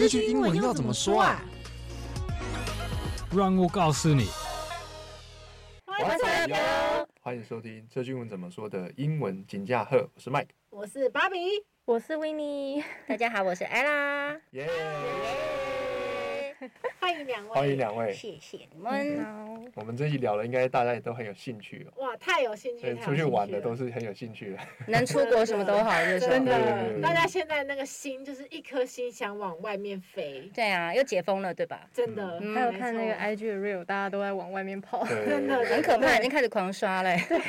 這句英文要怎麼說啊？說啊，讓我告訴你。歡迎收聽，歡迎收聽這句英文怎麼說的英文金架厚，我是 Mike，我是 Barbie，我是 Winnie， 大家好，我是 Ella。Yeah Yeah 歡迎兩位，歡迎兩位，謝謝你們。我們這一聊了，應該大家也都很有興趣了。哇，太有興趣了，出去玩的都是很有興趣的。能出國什麼都好，真的。大家現在那個心就是一顆心，想往外面飛。對啊，又解封了，對吧？真的，還有看那個 IG 的 reel，大家都在往外面跑，真的，很可怕，已經開始狂刷了。對，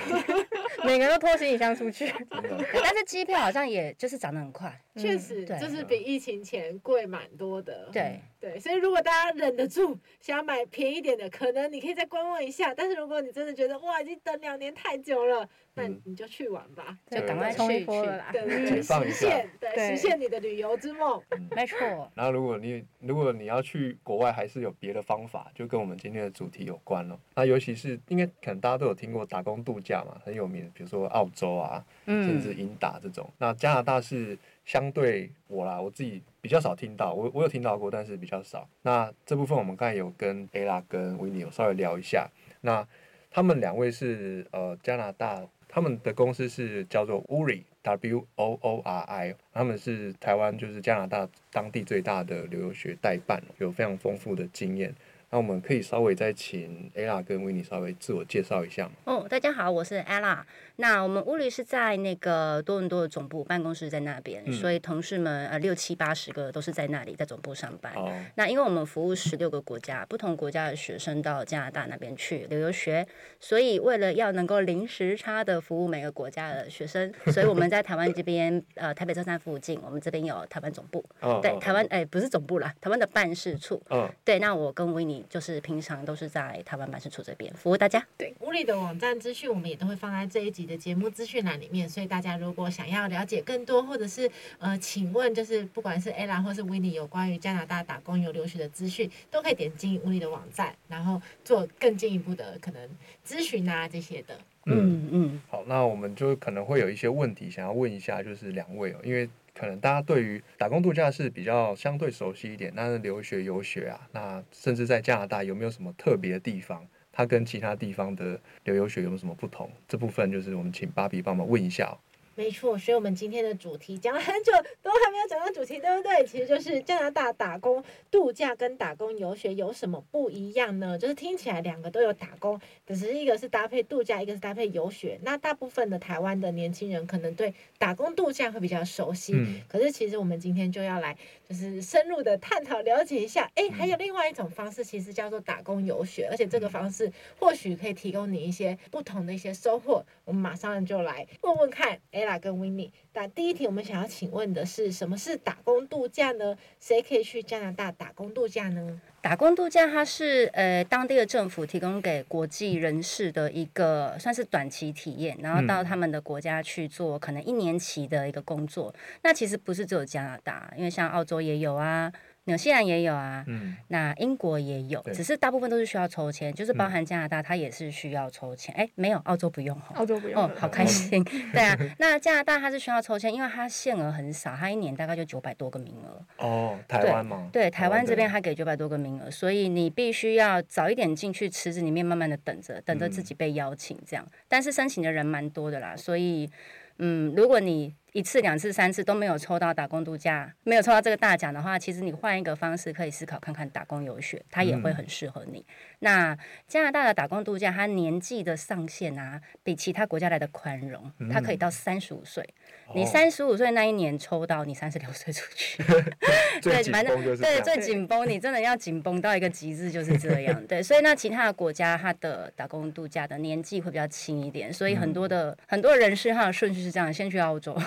每個人都拖行李箱出去。但是機票好像也就是漲得很快。確實，就是比疫情前貴蠻多的。對對，所以如果大家忍。忍得住，想要買便宜點的，可能你可以再觀望一下。但是如果你真的覺得哇，已經等兩年太久了，嗯、那你就去玩吧，就趕趕快沖對一波了啦，解對放一下，對，實現你的旅遊之夢，嗯，沒錯。然後如果你如果你要去國外，還是有別的方法，就跟我們今天的主題有關了。那尤其是，應該可能大家都有聽過打工度假嘛，很有名的，比如說澳洲啊，嗯、甚至英達這種。那加拿大是。相對我啦，我自己比較少聽到，我我有聽到過，但是比較少。那這部分我們剛才有跟 Ella 跟 Winnie 有稍微聊一下，嗯、那他們兩位是呃加拿大，他們的公司是叫做 Woori W O O R I，他們是台灣就是加拿大當地最大的留學代辦，有非常豐富的經驗。那我們可以稍微再請 Ella 跟 Winnie 稍微自我介紹一下嗎？哦，大家好，我是 Ella。那我們 WOORI 是在那個多倫多的總部辦公室在那邊，嗯、所以同事們呃六七八十個都是在那裡在總部上班。哦、那因為我們服務十六個國家，不同國家的學生到加拿大那邊去留遊學，所以為了要能夠零時差的服務每個國家的學生，所以我們在台灣這邊 呃台北車站附近，我們這邊有台灣總部。哦、對，台灣哎、欸、不是總部啦，台灣的辦事處。嗯、哦。對，那我跟 Winnie。就是平常都是在台灣辦事處這邊服務大家。對，WOORI 的網站資訊我們也都會放在這一集的節目資訊欄裡面，所以大家如果想要了解更多，或者是呃，請問就是不管是 Ella 或是 Winnie 有關於加拿大打工遊留學的資訊，都可以點進 WOORI 的網站，然後做更進一步的可能諮詢啊這些的。嗯嗯，嗯好，那我們就可能會有一些問題想要問一下，就是兩位哦、喔，因為。可能大家對於打工度假是比較相對熟悉一點，那，那留學遊學啊，那甚至在加拿大有沒有什麼特別的地方？它跟其他地方的留遊學有沒有什麼不同？這部分就是我們請芭比幫忙問一下哦。沒錯，所以我們今天的主題講了很久，都還沒有講到主題，對不對？其實就是加拿大打工度假跟打工遊學有什麼不一樣呢？就是聽起來兩個都有打工，只是一個是搭配度假，一個是搭配遊學。那大部分的台灣的年輕人可能對打工度假會比較熟悉，嗯、可是其實我們今天就要來。就是深入的探討了解一下，哎、欸，還有另外一種方式，其實叫做打工遊學，而且這個方式或許可以提供你一些不同的一些收穫。我們馬上就來問問看，Ella 跟 Winnie。那第一題，我們想要請問的是，什麼是打工度假呢？誰可以去加拿大打工度假呢？打工度假，它是呃當地的政府提供給國際人士的一個算是短期體驗，然後到他們的國家去做可能一年期的一個工作。嗯、那其實不是只有加拿大，因為像澳洲也有啊。紐西蘭也有啊，嗯、那英國也有，對只是大部分都是需要抽籤，就是包含加拿大，它也是需要抽籤。哎、嗯欸，沒有，澳洲不用哦。澳洲不用，哦，好開心，哦、 對啊。那加拿大它是需要抽籤，因為它限額很少，它一年大概就九百多個名額。哦，台灣嗎對？對，台灣這邊它給九百多個名額，所以你必須要早一點進去池子裡面，慢慢的等着，等着自己被邀請這樣。嗯、但是申請的人蠻多的啦，所以，嗯，如果你。一次、兩次、三次都沒有抽到打工度假，沒有抽到這個大獎的話，其實你換一個方式可以思考看看打工遊學，它也會很適合你。嗯、那加拿大的打工度假，它年紀的上限啊，比其他國家來的寬容，嗯、它可以到三十五歲。哦、你三十五歲那一年抽到，你三十六歲出去， 對，反正對最緊繃，你真的要緊繃到一個極致就是這樣。對， 所以那其他的國家它的打工度假的年紀會比較輕一點，所以很多的、嗯、很多人士他的順序是這樣，先去澳洲。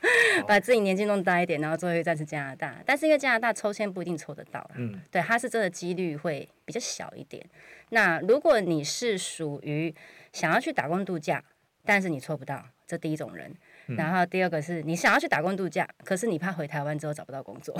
把自己年紀弄大一點，然後最後再去加拿大。但是因為加拿大抽籤不一定抽得到，嗯、對，他是真的幾率會比較小一點。那如果你是屬於想要去打工度假，但是你抽不到，這第一種人。嗯、然後第二個是你想要去打工度假，可是你怕回台灣之後找不到工作，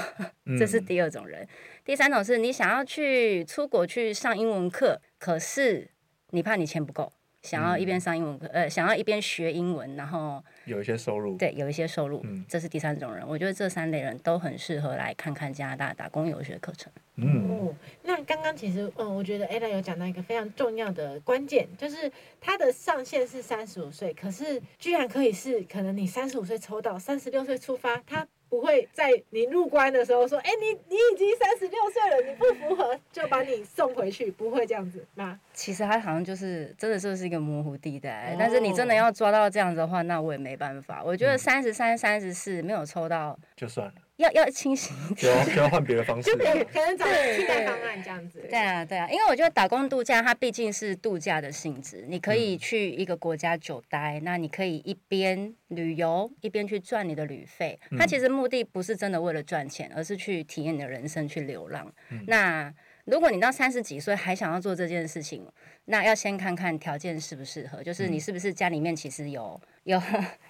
這是第二種人。嗯、第三種是你想要去出國去上英文課，可是你怕你錢不夠。想要一邊上英文課，嗯、呃，想要一邊學英文，然後有一些收入，對，有一些收入，嗯、這是第三種人。我覺得這三類人都很適合來看看加拿大打工遊學課程。嗯，哦、那剛剛其實，嗯，我覺得 Ada、e、有講到一個非常重要的關鍵，就是他的上限是三十五歲，可是居然可以是可能你三十五歲抽到三十六歲出發，他。不會在你入關的時候說，哎、欸，你你已經三十六歲了，你不符合，就把你送回去，不會這樣子，那其實他好像就是真的就是，是一個模糊地帶，哦、但是你真的要抓到這樣子的話，那我也沒辦法。我覺得三十三、三十四沒有抽到就算了。要要清醒一點，要換別的方式，就可以，可能找替代方案這樣子。 對，對，對，對啊，對啊，因為我覺得打工度假，它畢竟是度假的性質，你可以去一個國家久待，嗯、那你可以一邊旅遊一邊去賺你的旅費。它、嗯、其實目的不是真的為了賺錢，而是去體驗你的人生，去流浪。嗯、那。如果你到三十幾歲還想要做這件事情，那要先看看條件適不適合，就是你是不是家裡面其實有、嗯、有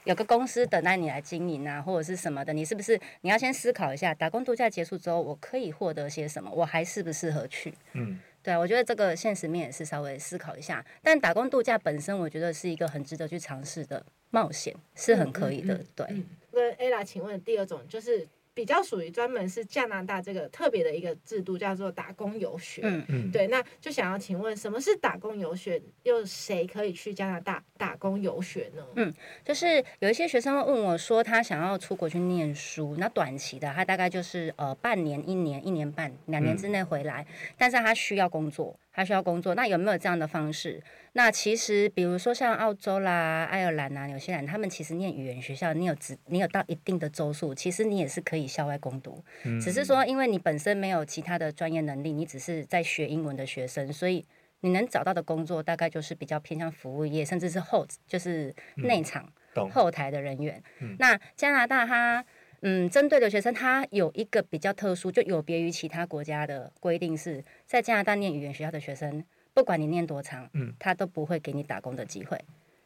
有個公司等待你來經營啊，或者是什麼的，你是不是你要先思考一下，打工度假結束之後我可以獲得些什麼，我還適不適合去？嗯，對，我覺得這個現實面也是稍微思考一下。但打工度假本身，我覺得是一個很值得去嘗試的冒險，是很可以的。嗯嗯嗯、對，那 Ara，、e、請問第二種就是。比較屬於專門是加拿大這個特別的一個制度，叫做打工遊學。嗯、對，那就想要請問，什麼是打工遊學？又誰可以去加拿大打工遊學呢？嗯，就是有一些學生會問我說，他想要出國去念書，那短期的，他大概就是呃半年、一年、一年半、兩年之內回來，嗯、但是他需要工作。他需要工作，那有沒有這樣的方式？那其實，比如說像澳洲啦、愛爾蘭啊、紐西蘭，他們其實念語言學校，你有只你有到一定的周數，其實你也是可以校外工讀，嗯、只是說因為你本身沒有其他的專業能力，你只是在學英文的學生，所以你能找到的工作大概就是比較偏向服務業，甚至是後就是內場後台的人員。嗯嗯、那加拿大它。嗯，針對的學生他有一個比較特殊，就有別於其他國家的規定是，是在加拿大念語言學校的學生，不管你念多長，嗯，他都不會給你打工的機會。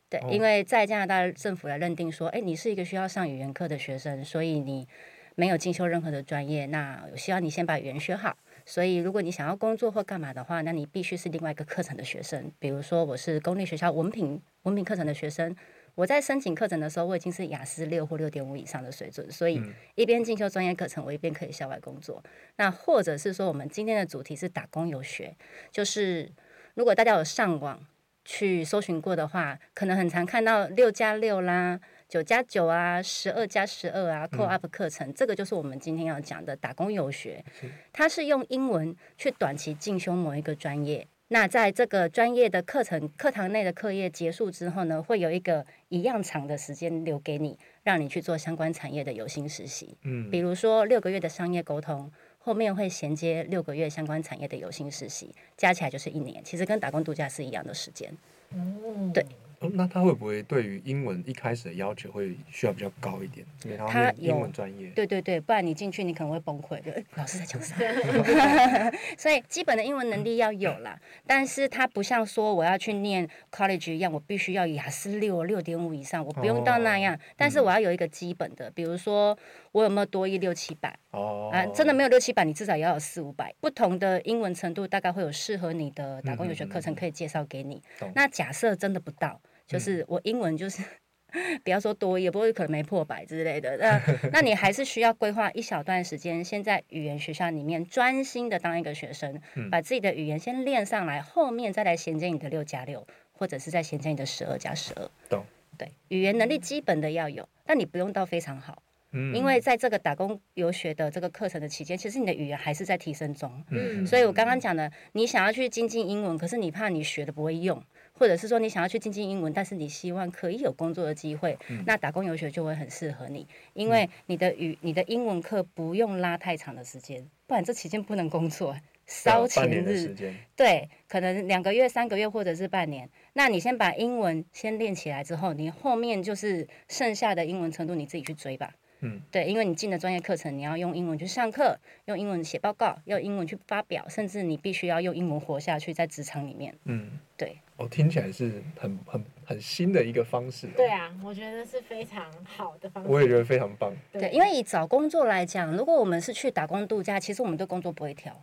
對，因為在加拿大政府來認定說，哎、欸，你是一個需要上語言課的學生，所以你沒有進修任何的專業，那我希望你先把語言學好。所以，如果你想要工作或幹嘛的話，那你必須是另外一個課程的學生。比如說，我是公立學校文憑文憑課程的學生。我在申請課程的時候，我已經是雅思六或六點五以上的水準，所以一邊進修專業課程，我一邊可以校外工作。那或者是說，我們今天的主題是打工遊學，就是如果大家有上網去搜尋過的話，可能很常看到六加六啦、九加九啊、十二加十二啊 Co-op 課程，嗯、這個就是我們今天要講的打工遊學。它是用英文去短期進修某一個專業。那在這個專業的課程課堂內的課業結束之後呢，會有一個一樣長的時間留給你，讓你去做相關產業的有薪實習。嗯，比如說六個月的商業溝通，後面會銜接六個月相關產業的有薪實習，加起來就是一年，其實跟打工度假是一樣的時間。嗯，對。嗯、那他會不會對於英文一開始的要求會需要比較高一點？因為他有英文專業，對對對，不然你進去你可能會崩潰。老師在講什麼？ 所以基本的英文能力要有啦。但是他不像說我要去念 college 一樣，我必須要雅思六六點五以上，我不用到那樣，哦、但是我要有一個基本的，嗯、比如說我有沒有多一六七百？哦、啊，真的沒有六七百，你至少也要有四五百。不同的英文程度，大概會有適合你的打工遊學課程可以介紹給你。嗯嗯、那假設真的不到。就是我英文就是，嗯、 不要說多，也不會可能沒破百之類的。那那你還是需要規劃一小段時間，先在語言學校裡面專心的當一個學生，嗯、把自己的語言先練上來，後面再來銜接你的六加六，6, 或者是再銜接你的十二加十二。12, 懂？對，語言能力基本的要有，但你不用到非常好，嗯、因為在這個打工遊學的這個課程的期間，其實你的語言還是在提升中。嗯，所以我剛剛講的，嗯、你想要去精進英文，可是你怕你學的不會用。或者是說你想要去精進英文，但是你希望可以有工作的機會，嗯、那打工遊學就會很適合你，因為你的語、你的英文課不用拉太長的時間，不然這期間不能工作，燒錢日，對，半年的時間，對，可能兩個月、三個月或者是半年，那你先把英文先練起來之後，你後面就是剩下的英文程度你自己去追吧。嗯，對，因為你進了專業課程，你要用英文去上課，用英文寫報告，用英文去發表，甚至你必須要用英文活下去在職場裡面。嗯，對。哦，聽起來是很很很新的一個方式喔。對啊，我覺得是非常好的方式。我也覺得非常棒。對，對，因為以找工作來講，如果我們是去打工度假，其實我們對工作不會挑。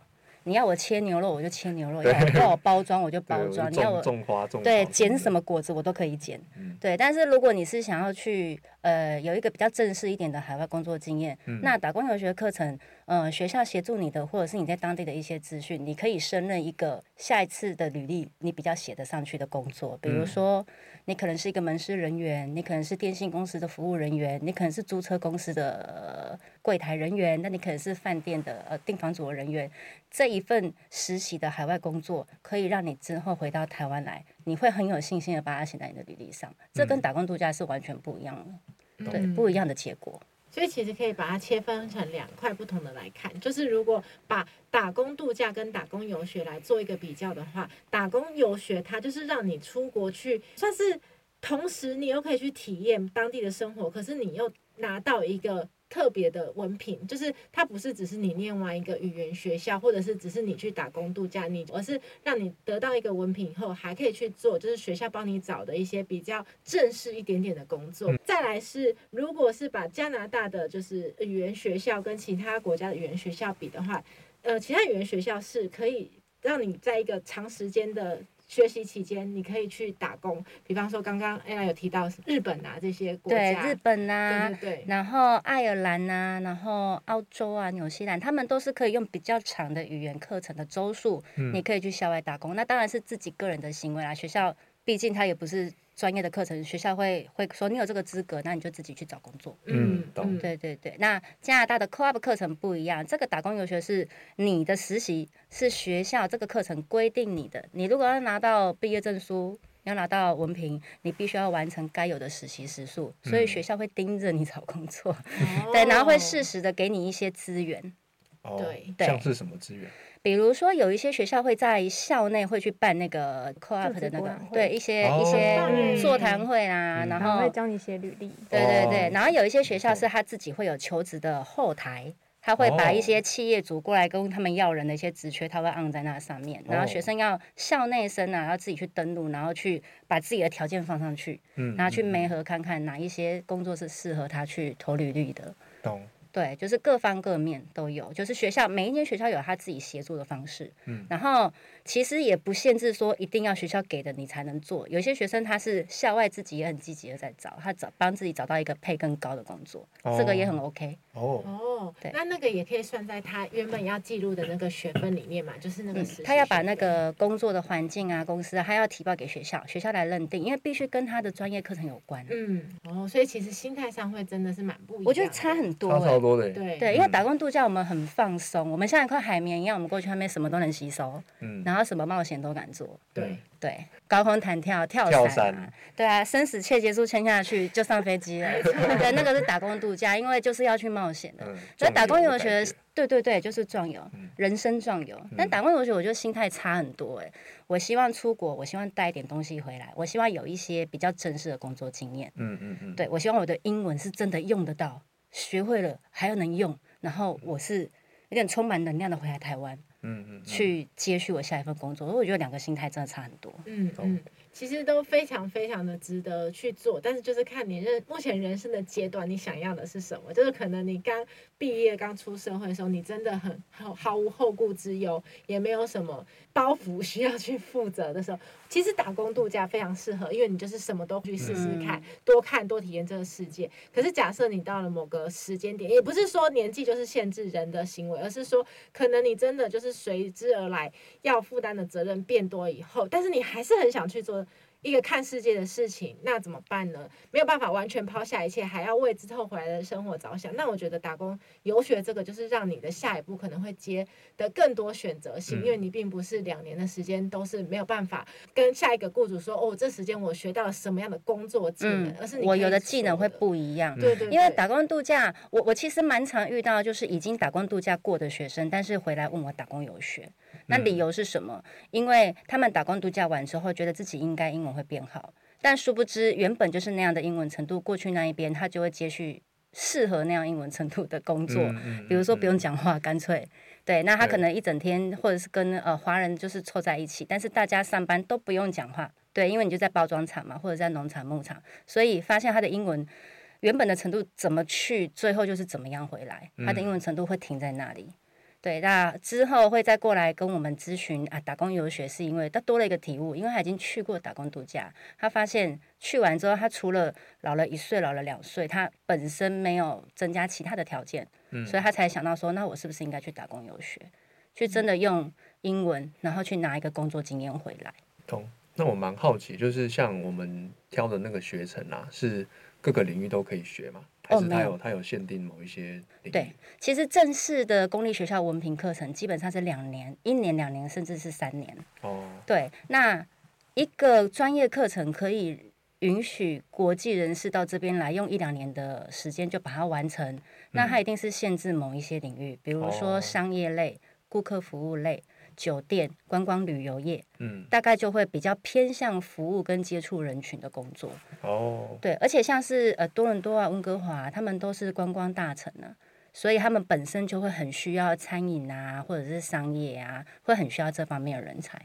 你要我切牛肉，我就切牛肉；你要我包裝，我就包裝。你要種花種花，對，撿什麼果子我都可以撿。嗯、對，但是如果你是想要去呃有一個比較正式一點的海外工作經驗，嗯、那打工遊學課程，嗯、呃，學校協助你的或者是你在當地的一些資訊，你可以勝任一個下一次的履歷你比較寫得上去的工作，比如說。嗯你可能是一個門市人員，你可能是電信公司的服務人員，你可能是租車公司的櫃檯人員，那你可能是飯店的呃訂房組的人員。這一份實習的海外工作，可以讓你之後回到台灣來，你會很有信心的把它寫在你的履歷上。這跟打工度假是完全不一樣的，嗯、對，不一樣的結果。所以其實可以把它切分成兩塊不同的來看，就是如果把打工度假跟打工遊學來做一個比較的話，打工遊學它就是讓你出國去，算是同時你又可以去體驗當地的生活，可是你又拿到一個。特別的文憑，就是它不是只是你念完一個語言學校，或者是只是你去打工度假，你而是讓你得到一個文憑以後，還可以去做，就是學校幫你找的一些比較正式一點點的工作。嗯。再來是，如果是把加拿大的就是語言學校跟其他國家的語言學校比的話，呃，其他語言學校是可以讓你在一個長時間的。學習期間，你可以去打工。比方說，剛剛 Ella 有提到日本啊這些國家，對日本啊，對,對,對然後愛爾蘭啊，然後澳洲啊、紐西蘭，他們都是可以用比較長的語言課程的周數，你可以去校外打工。嗯、那當然是自己個人的行為啦，學校畢竟它也不是。專業的課程，學校會會說你有這個資格，那你就自己去找工作。嗯，懂。對對對，那加拿大的 co-op 課程不一樣，這個打工遊學是你的實習是學校這個課程規定你的，你如果要拿到畢業證書，要拿到文憑，你必須要完成該有的實習時數，所以學校會盯着你找工作，嗯、 對，然後會適時的給你一些資源。哦，對，像是什麼資源？比如說，有一些學校會在校內會去辦那個 Co-op 的那個，對一些，哦，一些座談會啊，嗯、然後，然後會教你寫履歷，對對對。哦，然後有一些學校是他自己會有求職的後台，他會把一些企業主過來跟他們要人的一些職缺，他會按在那上面。哦，然後學生要校內生啊，要自己去登錄，然後去把自己的條件放上去，嗯、然後去媒合看看哪一些工作是適合他去投履歷的，懂。對，就是各方各面都有，就是學校每一間學校有他自己協助的方式，嗯，然後。其實也不限制說一定要學校給的你才能做，有些學生他是校外自己也很積極的在找，他找幫自己找到一個配更高的工作，oh. 這個也很 OK。哦、oh. 對，那那個也可以算在他原本要記錄的那個學分裡面嘛，就是那個時、嗯、他要把那個工作的環境啊、公司啊，他要提報給學校，學校來認定，因為必須跟他的專業課程有關。嗯哦，oh, 所以其實心態上會真的是蠻不一樣。我覺得差很多、欸。差超多的、欸。對對，嗯、因為打工度假我們很放鬆，我們像一塊海綿一樣，我們過去外面什麼都能吸收。嗯。然後什麼冒險都敢做，對，對高空彈跳、跳傘、啊、跳傘山，對啊，生死切結束簽下去就上飛機了。 對，那個是打工度假，因為就是要去冒險的。所以、嗯、打工遊學，對，對對對，就是壯遊，嗯、人生壯遊。但打工遊學，我就心態差很多、欸。哎、嗯，我希望出國，我希望帶一點東西回來，我希望有一些比較真實的工作經驗。嗯嗯嗯、對，我希望我的英文是真的用得到，學會了還要能用。然後我是有點充滿能量的回來台灣。嗯嗯，嗯，去接續我下一份工作，所以我覺得兩個心態真的差很多。嗯嗯，其實都非常非常的值得去做，但是就是看你認目前人生的階段，你想要的是什麼？就是可能你剛畢業、剛出社會的時候，你真的很毫無後顧之憂，也沒有什麼包袱需要去負責的時候。其實打工度假非常適合，因為你就是什麼都去試試看，多看多體驗這個世界。可是假設你到了某個時間點，也不是說年紀就是限制人的行為，而是說可能你真的就是隨之而來要負擔的責任變多以後，但是你還是很想去做。一個看世界的事情，那怎麼辦呢？沒有辦法完全拋下一切，還要為之後回來的生活着想。那我覺得打工遊學這個就是讓你的下一步可能會接的更多選擇性，嗯、因為你並不是兩年的時間都是沒有辦法跟下一個僱主說，哦，這時間我學到了什麼樣的工作技能，嗯、而是你我有的技能會不一樣。對，對對。因為打工度假，我我其實蠻常遇到，就是已經打工度假過的學生，但是回來問我打工遊學。那理由是什麼？因為他們打工度假完之後，覺得自己應該英文會變好，但殊不知原本就是那樣的英文程度。過去那一邊，他就會接續適合那樣英文程度的工作，嗯嗯、比如說不用講話，嗯、乾脆。對。那他可能一整天或者是跟呃華人就是湊在一起，但是大家上班都不用講話，對，因為你就在包裝廠嘛，或者在農場、牧場，所以發現他的英文原本的程度怎麼去，最後就是怎麼樣回來，他的英文程度會停在那裡。對，那之後會再過來跟我們諮詢啊。打工遊學是因為他多了一個體悟，因為他已經去過打工度假，他發現去完之後，他除了老了一歲、老了兩歲，他本身沒有增加其他的條件，嗯，所以他才想到說，那我是不是應該去打工遊學，去真的用英文，然後去拿一個工作經驗回來。同，嗯，那我蠻好奇，就是像我們挑的那個學程啊，是各個領域都可以學嗎？哦，沒有，它、oh, no. 有限定某一些。對，其實正式的公立學校文憑課程基本上是兩年，一年、兩年，甚至是三年。哦，oh. 對，那一個專業課程可以允許國際人士到這邊來，用一兩年的時間就把它完成。嗯、那它一定是限制某一些領域，比如說商業類、oh. 顧客服務類。酒店、觀光旅遊業，嗯，大概就會比較偏向服務跟接觸人群的工作。哦，對，而且像是呃多倫多啊、溫哥華啊，他們都是觀光大城呢啊，所以他們本身就會很需要餐飲啊，或者是商業啊，會很需要這方面的人才。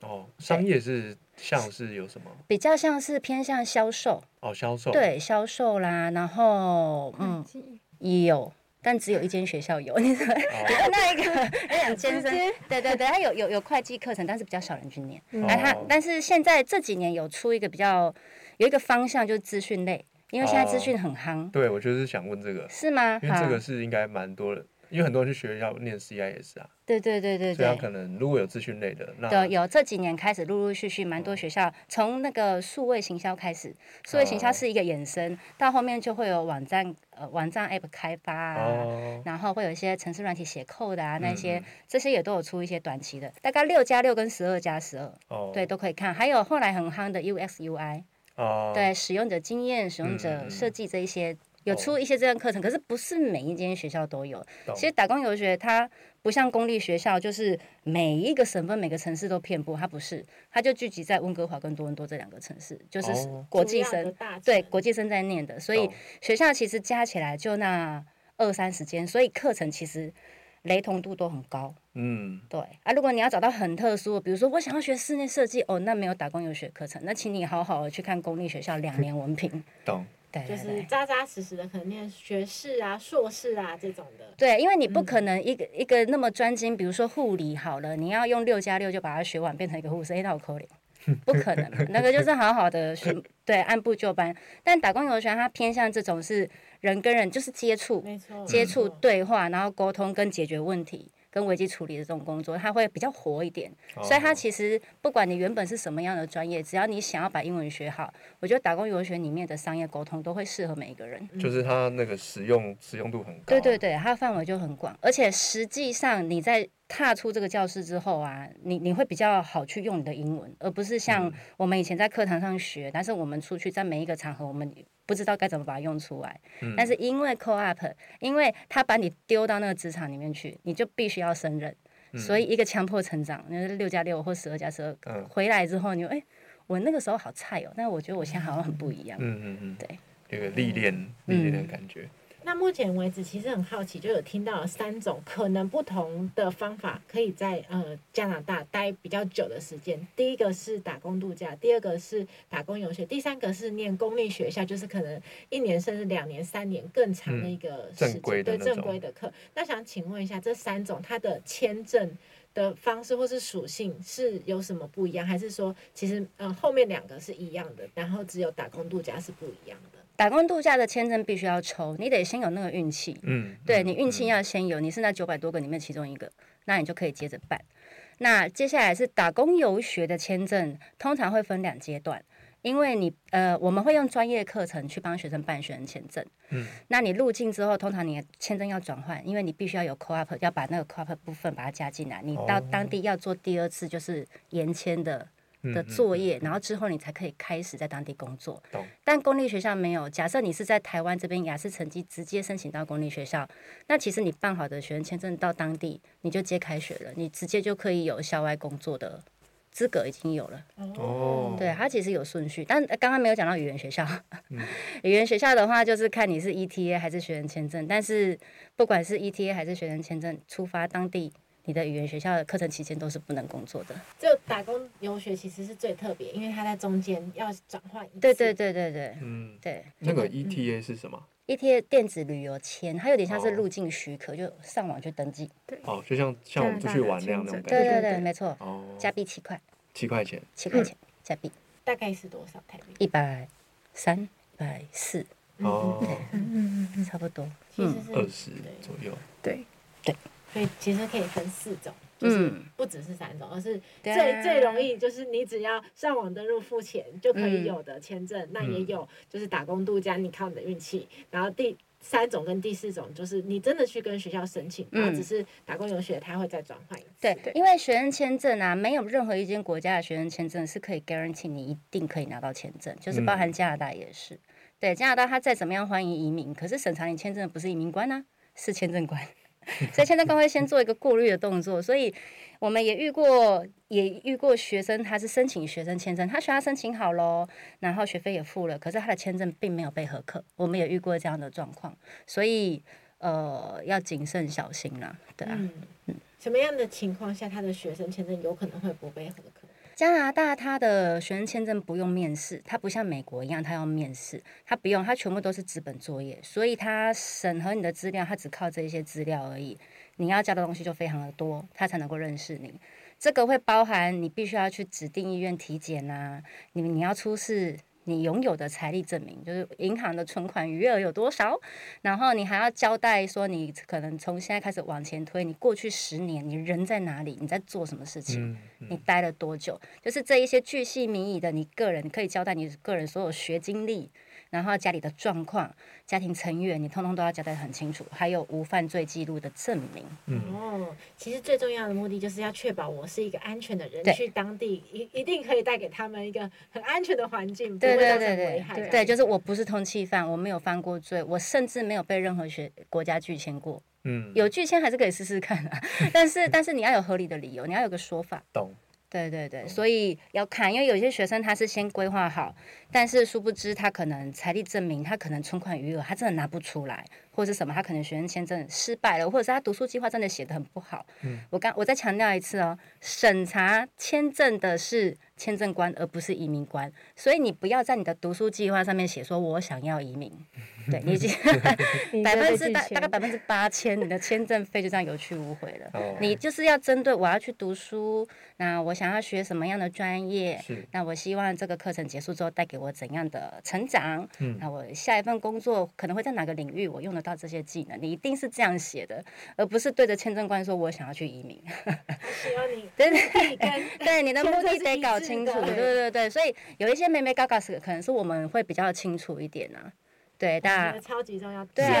哦，商業是像是有什麼？比較像是偏向銷售。哦，銷售。對，銷售啦，然後嗯，奇也有。但只有一間學校有，你說、oh. 那一個兩間 對對對，他有有有會計課程，但是比較少人去念、oh. 他。但是現在這幾年有出一個比較有一個方向，就是資訊類，因為現在資訊很夯。Oh. 對，我就是想問這個，是嗎？因為這個是應該蠻多人。因為很多人去學校念 CIS 啊，對，對對對對，所以可能如果有資訊類的，那有有這幾年開始陸陸續續蠻多學校、嗯、從那個數位行銷開始，數位行銷是一個衍生，哦、到後面就會有網站呃網站 App 開發啊，哦、然後會有一些程式軟體寫 code 的啊那些，嗯、這些也都有出一些短期的，大概六加六跟十二加十二，12, 哦、對都可以看，還有後來很夯的 UXUI，哦、對使用者經驗、使用者設計這一些、嗯。嗯有出一些這樣課程，oh, 可是不是每一間學校都有。懂其實打工遊學它不像公立學校，就是每一個省份、每個城市都遍布，它不是，它就聚集在溫哥華跟多倫多這兩個城市，就是國際生，oh, 對，國際生在念的，所以學校其實加起來就那二三十間，所以課程其實雷同度都很高。嗯，對。啊，如果你要找到很特殊，比如說我想要學室內設計，哦，那沒有打工遊學課程，那請你好好的去看公立學校兩年文憑。懂。對就是紮紮實實的，可能念學士啊、碩士啊這種的。對，因為你不可能一個、嗯、一個那麼專精，比如說護理好了，你要用六加六就把它學完，變成一個護士，哎，哪有可能，不可能， 那個就是好好的學，對，按部就班。但打工遊學它偏向這種是人跟人就是接觸，錯接觸對話，錯然後溝通跟解決問題。跟危機處理的這種工作，它會比較活一點，Oh. 所以它其實不管你原本是什麼樣的專業，只要你想要把英文學好，我覺得打工遊學裡面的商業溝通都會適合每一個人。就是它那個使用使用度很高，對對對，它的範圍就很廣，而且實際上你在踏出這個教室之後啊，你你會比較好去用你的英文，而不是像我們以前在課堂上學，但是我們出去在每一個場合我們。不知道該怎麼把它用出來，嗯、但是因為 co-op，因為他把你丟到那個職場裡面去，你就必須要勝任，嗯、所以一個強迫成長，你六加六或十二加十二，12, 嗯、回來之後你說，哎、欸，我那個時候好菜哦、喔，但我覺得我現在好像很不一樣，嗯嗯嗯對，那個歷練歷練的感覺。嗯那目前為止，其實很好奇，就有聽到了三種可能不同的方法，可以在呃加拿大待比較久的時間。第一個是打工度假，第二個是打工遊學，第三個是念公立學校，就是可能一年甚至兩年、三年更長的一個時間、嗯、正規的那種、對，正規的課。那想請問一下，這三種它的簽證的方式或是屬性是有什麼不一樣？還是說，其實呃後面兩個是一樣的，然後只有打工度假是不一樣的？打工度假的簽證必須要抽，你得先有那個運氣。嗯，對，你運氣要先有，你是那九百多個裡面其中一個，那你就可以接着辦。那接下來是打工遊學的簽證，通常會分兩階段，因為你呃，我們會用專業課程去幫學生辦學生簽證。嗯，那你入境之後，通常你的簽證要轉換，因為你必須要有 Co-op，e r 要把那個 Co-op 的部分把它加進來。你到當地要做第二次，就是延簽的。哦的作業，然後之後你才可以開始在當地工作。懂但公立學校沒有，假設你是在台灣這邊雅思成績直接申請到公立學校，那其實你辦好的學生簽證到當地你就接開學了，你直接就可以有校外工作的資格已經有了。哦，對它其實有順序，但剛剛、呃、沒有講到語言學校。 語言學校的話，就是看你是 ETA 還是學生簽證，但是不管是 ETA 還是學生簽證，出發當地。你的語言學校的課程期間都是不能工作的。就打工遊學其實是最特別，因為它在中間要轉換。對對對對對。嗯。對。那個 ETA 是什麼？ETA 電子旅遊簽，它有點像是入境許可，就上網去登記。對。哦，就像像我們出去玩那樣的。對對對，沒錯。哦。加幣七塊。七塊錢。七塊錢。加幣。大概是多少台幣？一百。三百四。哦。嗯嗯嗯，差不多。其實是二十左右。對。對。所以其實可以分四種，就是不只是三種，嗯、而是最、啊、最容易就是你只要上網登入、付錢就可以有的簽證，嗯、那也有就是打工度假，你靠你的運氣。嗯、然後第三種跟第四種就是你真的去跟學校申請，嗯、然後只是打工遊學，它會再轉換一次。對，因為學生簽證啊，沒有任何一間國家的學生簽證是可以 guarantee 你一定可以拿到簽證，就是包含加拿大也是。嗯、對，加拿大他再怎麼樣歡迎移民，可是審查你簽證的不是移民官呢、啊，是簽證官。 所以簽證官會先做一個過濾的動作，所以我們也遇過，也遇過學生，他是申請學生簽證，他學校申請好嘍，然後學費也付了，可是他的簽證並沒有被核可，我們也遇過這樣的狀況，所以呃要謹慎小心啦，對啊，嗯嗯，什麼樣的情況下他的學生簽證有可能會不被核可？加拿大他的學生簽證不用面試，他不像美國一樣，他要面試，他不用，他全部都是紙本作業，所以他審核你的資料，他只靠這一些資料而已。你要交的東西就非常的多，他才能夠認識你。這個會包含你必須要去指定醫院體檢啊，你你要出示。你擁有的財力證明，就是銀行的存款餘額有多少，然後你還要交代說，你可能從現在開始往前推，你過去十年你人在哪裡，你在做什麼事情，嗯嗯、你待了多久，就是這一些巨細靡遺的，你個人你可以交代你個人所有學經歷。然後家裡的狀況、家庭成員，你通通都要交代很清楚，還有無犯罪記錄的證明。嗯、哦，其實最重要的目的就是要確保我是一個安全的人，對去當地一一定可以帶給他們一個很安全的環境，對對對對對不會造成危害。對，對，就是我不是通緝犯，我沒有犯過罪，我甚至沒有被任何學國家拒簽過。嗯，有拒簽還是可以試試看、啊、 但是但是你要有合理的理由，你要有個說法。懂。對對對，嗯、所以要看，因為有些學生他是先規劃好。但是殊不知，他可能財力證明，他可能存款餘額，他真的拿不出來，或者是什麼，他可能學生簽證失敗了，或者是他讀書計劃真的寫得很不好。嗯，我剛我再強調一次哦，審查簽證的是簽證官，而不是移民官，所以你不要在你的讀書計劃上面寫說我想要移民，嗯，對你已經百分之大大概百分之八千， 你的簽證費就這樣有去無回了。Oh, 你就是要針對我要去讀書，那我想要學什麼樣的專業，是那我希望這個課程結束之後帶給。我怎樣的成長？那、嗯、我下一份工作可能會在哪個領域？我用得到這些技能？你一定是這樣寫的，而不是對着簽證官說“我想要去移民。” 對對，你的目的，的得搞清楚。對，對對對，所以有一些眉眉角角是，可能是我們會比較清楚一點啊。對，大超級重要。對，因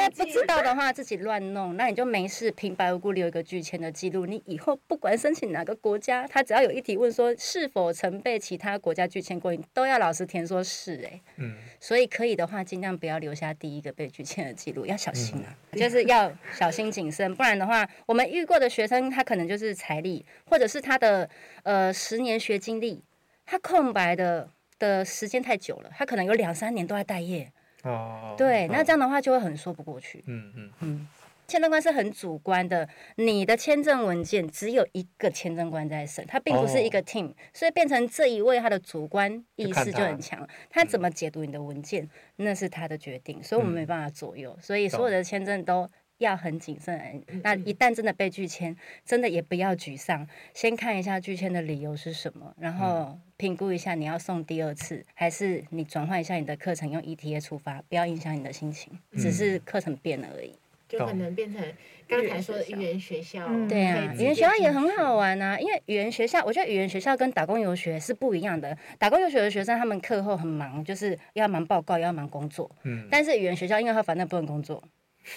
為不知道的話，自己亂弄，但那你就沒事，平白無故留一個拒簽的記錄。你以後不管申請哪個國家，他只要有一提問說是否曾被其他國家拒簽過，你都要老師填說是哎、欸。嗯、所以可以的話，儘量不要留下第一個被拒簽的記錄，要小心啊，嗯、就是要小心謹慎。 不然的話，我們遇過的學生，他可能就是財力，或者是他的呃十年學經歷，他空白的的時間太久了，他可能有兩三年都在待業。哦，oh, 對，oh. 那這樣的話就會很說不過去。嗯嗯、oh. 嗯，簽證官是很主觀的，你的簽證文件只有一個簽證官在審，他並不是一個 team，、oh. 所以變成這一位他的主觀意識就，就很強，他怎麼解讀你的文件，嗯、那是他的決定，所以我們沒辦法左右。嗯、所以所有的簽證都。要很謹慎，那一旦真的被拒簽，真的也不要沮喪。先看一下拒簽的理由是什麼，然後評估一下你要送第二次，還是你轉換一下你的課程，用 ETA 出發，不要影響你的心情，嗯、只是課程變了而已。就可能變成剛才說的語言學校，對啊、嗯，語言學校也很好玩啊。因為語言學校，我覺得語言學校跟打工遊學是不一樣的。打工遊學的學生他們課後很忙，就是要忙報告，要忙工作。嗯、但是語言學校，因為他反正不能工作。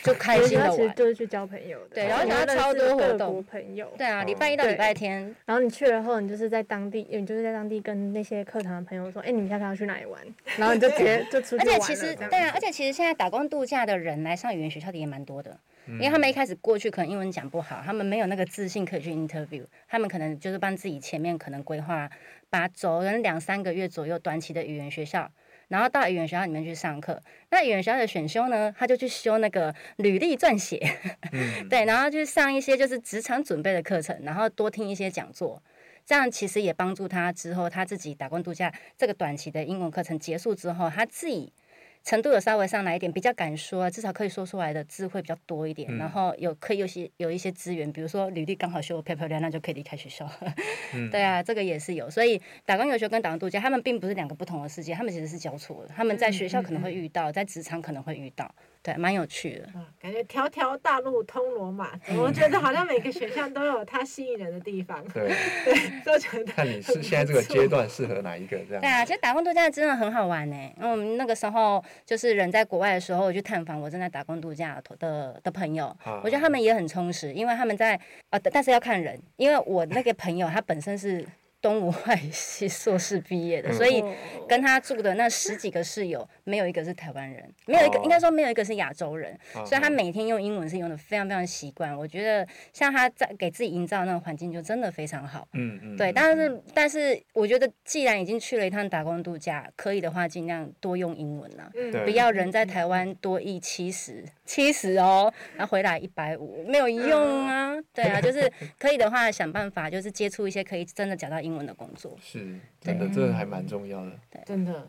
就開心的玩其實就是去交朋友，對，朋友對，然後想要超多活動朋友。對啊，禮拜一到禮拜天，然後你去了後，你就是在當地，你就是在當地跟那些課堂的朋友說，哎、欸，你們下周要去哪裡玩？然後你就直接就出去玩了。 而且其實對啊，而且其實現在打工度假的人來上語言學校的也蠻多的，因為他們一開始過去可能英文講不好，他們沒有那個自信可以去 interview，他們可能就是幫自己前面可能規劃八周，人兩三個月左右短期的語言學校。然後到語言學校裡面去上課。那語言學校的選修呢，他就去修那個履歷撰寫，嗯、 對，然後去上一些就是職場準備的課程，然後多聽一些講座，這樣其實也幫助他之後他自己打工度假，這個短期的英文課程結束之後，他自己。程度有稍微上來一點，比較敢說，啊，至少可以說出來的字會比較多一點。嗯、然後有可以有些有一些資源，比如說履歷剛好修得漂漂亮亮，就可以離開學校。呵呵嗯、對啊，這個也是有。所以打工遊學跟打工度假，他們並不是兩個不同的世界，他們其實是交錯的。他們在學校可能會遇到，嗯、在職場可能會遇到。嗯嗯對，蠻有趣的，嗯、感覺條條大路通羅馬。我覺得好像每個學校都有它吸引人的地方。嗯、 對，對，就覺得。看你是現在這個階段適合哪一個這樣？對啊，其實打工度假真的很好玩呢。嗯，那個時候就是人在國外的時候，我去探訪我正在打工度假的的,的朋友，好我覺得他們也很充實，因為他們在啊、呃，但是要看人，因為我那個朋友他本身是。東吳外語系碩士畢業的，所以跟他住的那十幾個室友，沒有一個是台灣人，沒有一個、哦、應該說沒有一個是亞洲人，哦、所以他每天用英文是用的非常非常習慣。嗯、我覺得像他在給自己營造那種環境，就真的非常好。嗯嗯，嗯對。但是、嗯、但是，我覺得既然已經去了一趟打工度假，可以的話盡量多用英文啊，嗯、不要人在台灣多益七十。七十哦，然、啊、後回來一百五沒有用啊？對啊，就是可以的話，想辦法就是接觸一些可以真的講到英文的工作。是，真的，這、啊、還蠻重要的，嗯。對啊，真的，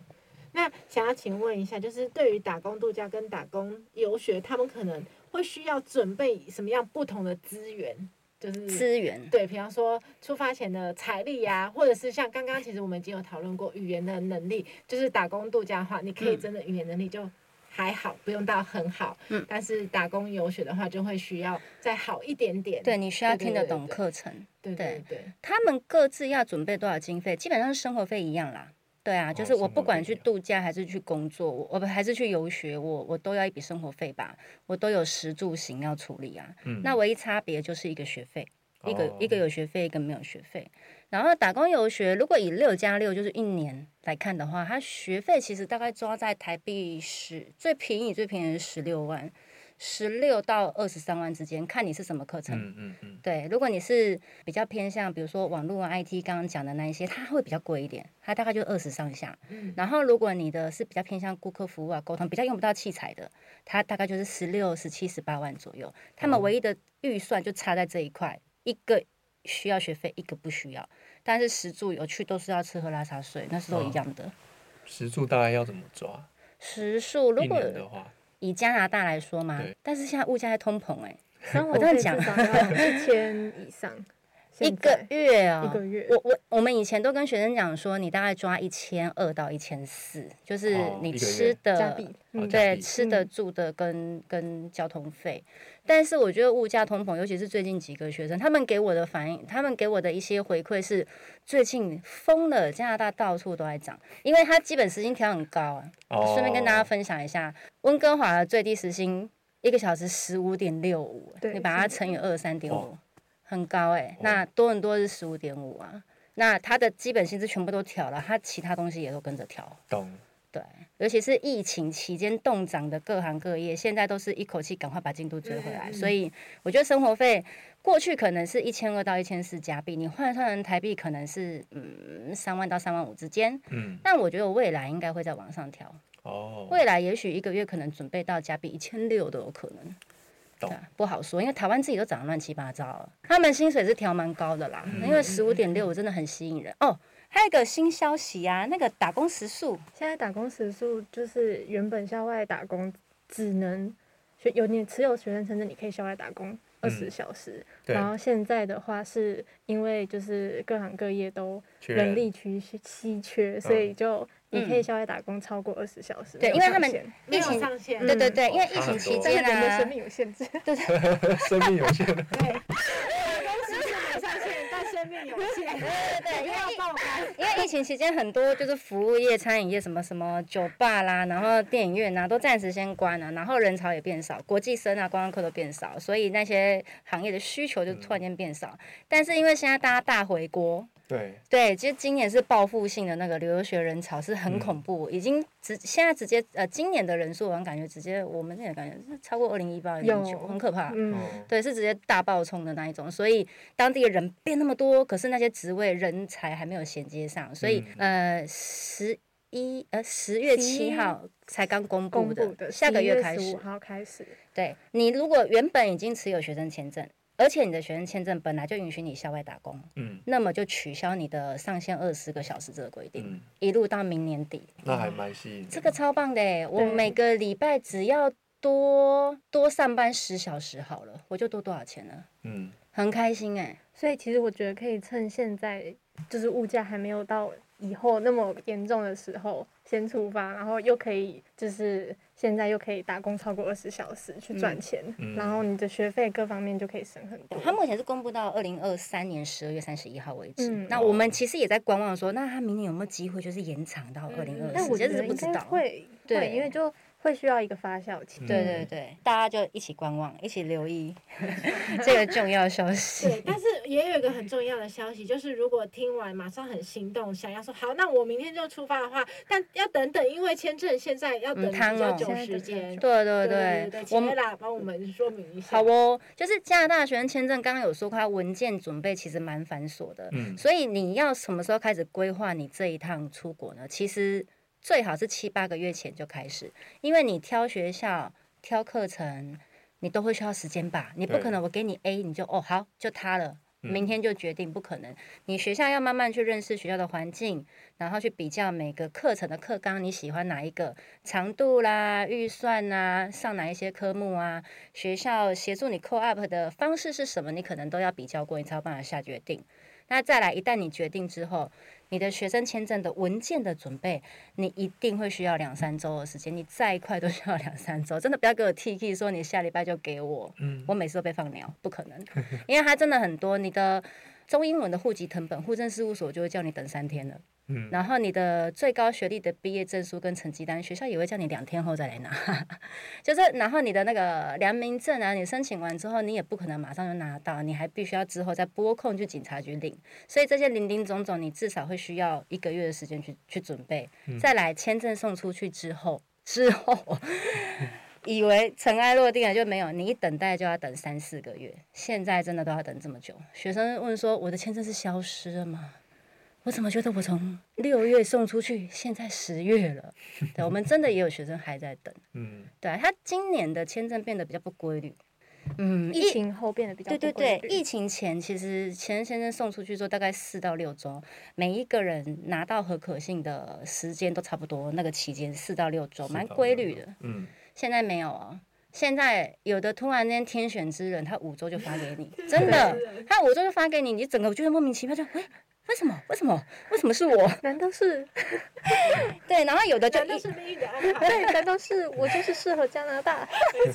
那想要請問一下，就是對於打工度假跟打工遊學，他們可能會需要準備什麼樣不同的資源？就是資源。對，比方說出發前的財力呀，啊，或者是像剛剛其實我們已經有討論過語言的能力。就是打工度假的話，你可以真的語言能力就。嗯還好，不用到很好。嗯，但是打工遊學的話，就會需要再好一點點。對，你需要聽得懂課程。對對，他們各自要準備多少經費？基本上是生活費一樣啦。對啊，啊就是我不管去度假還是去工作，我不還是去遊學，我我都要一筆生活費吧。我都有食住行要處理啊。嗯。那唯一差別就是一個學費，一個、哦、一個有學費，一個沒有學費。然後打工遊學，如果以六加六就是一年來看的話，它學費其實大概抓在台幣十最便宜最便宜是十六萬，十六到二十三萬之間，看你是什麼課程。嗯嗯嗯、對，如果你是比較偏向，比如說網絡啊 IT，剛剛講的那一些，它會比較貴一點，它大概就二十上下。嗯、然後如果你的是比較偏向顧客服務啊溝通，比較用不到器材的，它大概就是十六、十七、十八萬左右。他們唯一的預算就差在這一塊，嗯、一個。需要學費一個不需要，但是食宿有去都是要吃喝拉撒睡，那是都一樣的。食宿，嗯、大概要怎麼抓？食宿如果以加拿大來說嘛，對但是現在物價在通膨，哎，欸，我這樣講一千以上 在一個月啊，喔，我我我們以前都跟學生講說，你大概抓一千二到一千四，就是你吃的、哦，對、嗯、對吃的住的跟跟交通費。但是我覺得物價通膨，尤其是最近幾個學生，他們給我的反應，他們給我的一些回饋是，最近瘋了，加拿大到處都在漲，因為它基本時薪調很高啊。哦。順便跟大家分享一下，溫哥華的最低時薪一個小時十五點六五，你把它乘以二三點五，很高哎、欸。哦、那多倫多是十五點五啊。那它的基本薪資全部都調了，它其他東西也都跟着調。懂。尤其是疫情期間凍漲的各行各業，現在都是一口氣趕快把進度追回來。嗯、所以我覺得生活費過去可能是一千二到一千四加幣，你換算成台幣可能是嗯三萬到三萬五之間。嗯、但我覺得未來應該會再往上調。哦，未來也許一個月可能準備到加幣一千六都有可能。對、哦，不好說，因為台灣自己都漲得亂七八糟了，他們薪水是調蠻高的啦，嗯、因為十五點六我真的很吸引人、嗯、哦。還有一個新消息啊，那個打工時數，現在打工時數，就是原本校外打工只能學有你持有學生證，你可以校外打工二十小時。嗯、然後現在的話，是因為就是各行各業都人力區稀缺，人所以就你可以校外打工超過二十小時。嗯、對，因為他們疫情上限，上嗯、對對對，哦、因為疫情期間對、啊，生命有限制。對， 生命有限制。 對。外面有對對對，因為疫，因為疫情期間很多就是服務業、餐飲業什麼什麼酒吧啦，然後電影院吶、啊、都暫時先關了，啊，然後人潮也變少，國際生啊觀光客都變少，所以那些行業的需求就突然間變少。嗯、但是因為現在大家大回國。對,對，其實今年是報復性的那個留學人潮是很恐怖，嗯、已經直現在直接呃，今年的人數我感覺直接，我們也感覺超過二零一八年很久，有很可怕。嗯、對，是直接大爆衝的那一種，所以當地人變那麼多，可是那些職位人才還沒有銜接上，所以、嗯、呃十一呃十月七號才剛公布的，布的下個月開始號開始。對，你如果原本已經持有學生簽證。而且你的學生簽證本來就允許你校外打工，嗯、那麼就取消你的上限二十個小時這個規定，嗯、一路到明年底，那還蠻吸引，這個超棒的。欸，我每個禮拜只要多對多上班十小時好了，我就多多少錢了，嗯、很開心哎，欸。所以其實我覺得可以趁現在，就是物價還沒有到以後那麼嚴重的時候先出發，然後又可以就是現在又可以打工超過二十小時去賺錢，嗯嗯、然後你的學費各方面就可以省很多。他目前是公布到二零二三年十二月三十一號為止，嗯、那我們其實也在觀望說，說那他明年有沒有機會就是延長到二零二四？那我覺得是不知道，會對會，因為就。會需要一個發酵期、嗯，對對對，大家就一起觀望，一起留意、嗯、 這個重要消息 。但是也有一個很重要的消息，就是如果聽完馬上很心動，想要說好，那我明天就出發的話，但要等等，因為簽證現在要等比較久時間。嗯、對對對，加拿大幫我們說明一下。好哦，就是加拿大學生簽證，剛剛有說過他文件準備其實蠻繁瑣的，嗯、所以你要什麼時候開始規劃你這一趟出國呢？其實。最好是七八個月前就開始，因為你挑學校、挑課程，你都會需要時間吧？你不可能我給你 A，你就哦好就它了，明天就決定，不可能。你學校要慢慢去認識學校的環境，然後去比較每個課程的課綱，你喜歡哪一個長度啦、預算啦、上哪一些科目啊，學校協助你 co-op 的方式是什麼，你可能都要比較過，你才有辦法下決定。那再來，一旦你決定之後。你的學生簽證的文件的準備，你一定會需要兩三周的時間。你再快都需要兩三周，真的不要給我 TK 說你下禮拜就給我，我每次都被放鳥，不可能，因為它真的很多。你的。中英文的戶籍謄本，戶政事務所就會叫你等三天了。嗯，然後你的最高學歷的畢業證書跟成績單，學校也會叫你兩天後再來拿。 就是，然後你的那個良民證啊，你申請完之後，你也不可能馬上就拿到，你還必須要之後再撥控去警察局領。所以這些林林總總，你至少會需要一個月的時間去去準備。嗯，再來簽證送出去之後，之後。 以為塵埃落定了，就沒有，你一等待就要等三四個月，現在真的都要等這麼久。學生問說：“我的簽證是消失了嗎？”我怎麼覺得我從六月送出去，現在十月了？ 對，我們真的也有學生還在等。嗯，對啊，他今年的簽證變得比較不規律。嗯，疫情後變得比較不規律，對對對，疫情前其實簽證送出去之後，大概四到六周，每一個人拿到核可信的時間都差不多，那個期間四到六周蠻規律的。的嗯。現在沒有啊，現在有的突然間天選之人，他五周就發給你，真的，他五周就發給你，你整個就是莫名其妙就，就哎，為什麼？為什麼？為什麼是我？難道是？ 對，然後有的就、啊、對，難道是我就是適合加拿大？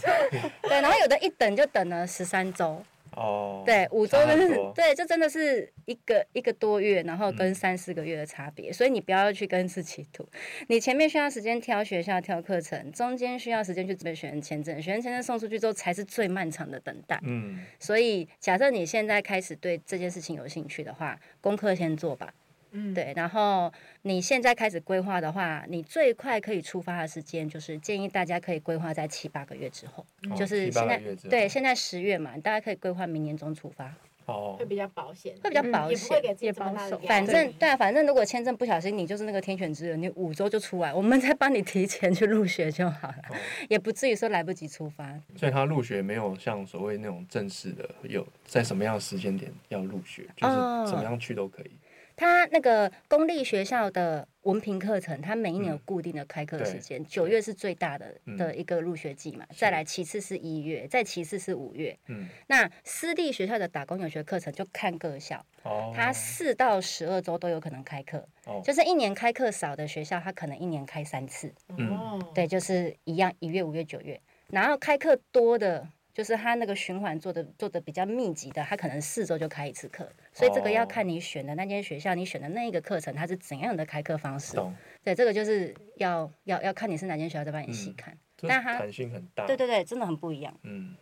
對，然後有的一等就等了十三周。哦，oh, 對，五周跟、就是、對，這真的是一個一個多月，然後跟三四個月的差別，嗯、所以你不要去跟自己賭。你前面需要時間挑學校、挑課程，中間需要時間去準備學生簽證，學生簽證送出去之後才是最漫長的等待。嗯，所以假設你現在開始對這件事情有興趣的話，功課先做吧。嗯，對，然後你現在開始規劃的話，你最快可以出發的時間就是建議大家可以規劃在七八個月之後，嗯、就是現在對，現在十月嘛，大家可以規劃明年中出發，哦，會比較保險，會比較保險，嗯、會給自己保守。反正對、啊，反正如果簽證不小心，你就是那個天選之人，你五周就出來，我們再幫你提前去入學就好了，哦、也不至於說來不及出發。所以他入學沒有像所謂那種正式的，有在什麼樣的時間點要入學，就是怎麼樣去都可以。哦他那個公立學校的文憑課程，他每一年有固定的開課時間，嗯、九月是最大的的一個入學季嘛，是再來其次是一月，再其次是五月。嗯、那私立學校的打工遊學課程就看各校，哦、他四到十二週都有可能開課，哦、就是一年開課少的學校，他可能一年開三次。嗯、對，就是一樣，一月、五月、九月，然後開課多的。就是他那個循環做的做的比較密集的，他可能四週就開一次課，oh. 所以這個要看你選的那間學校，你選的那一個課程，它是怎樣的開課方式。Oh. 對，這個就是要要要看你是哪間學校，再幫你細看。那他、嗯、彈性很大，對對對，真的很不一樣。嗯。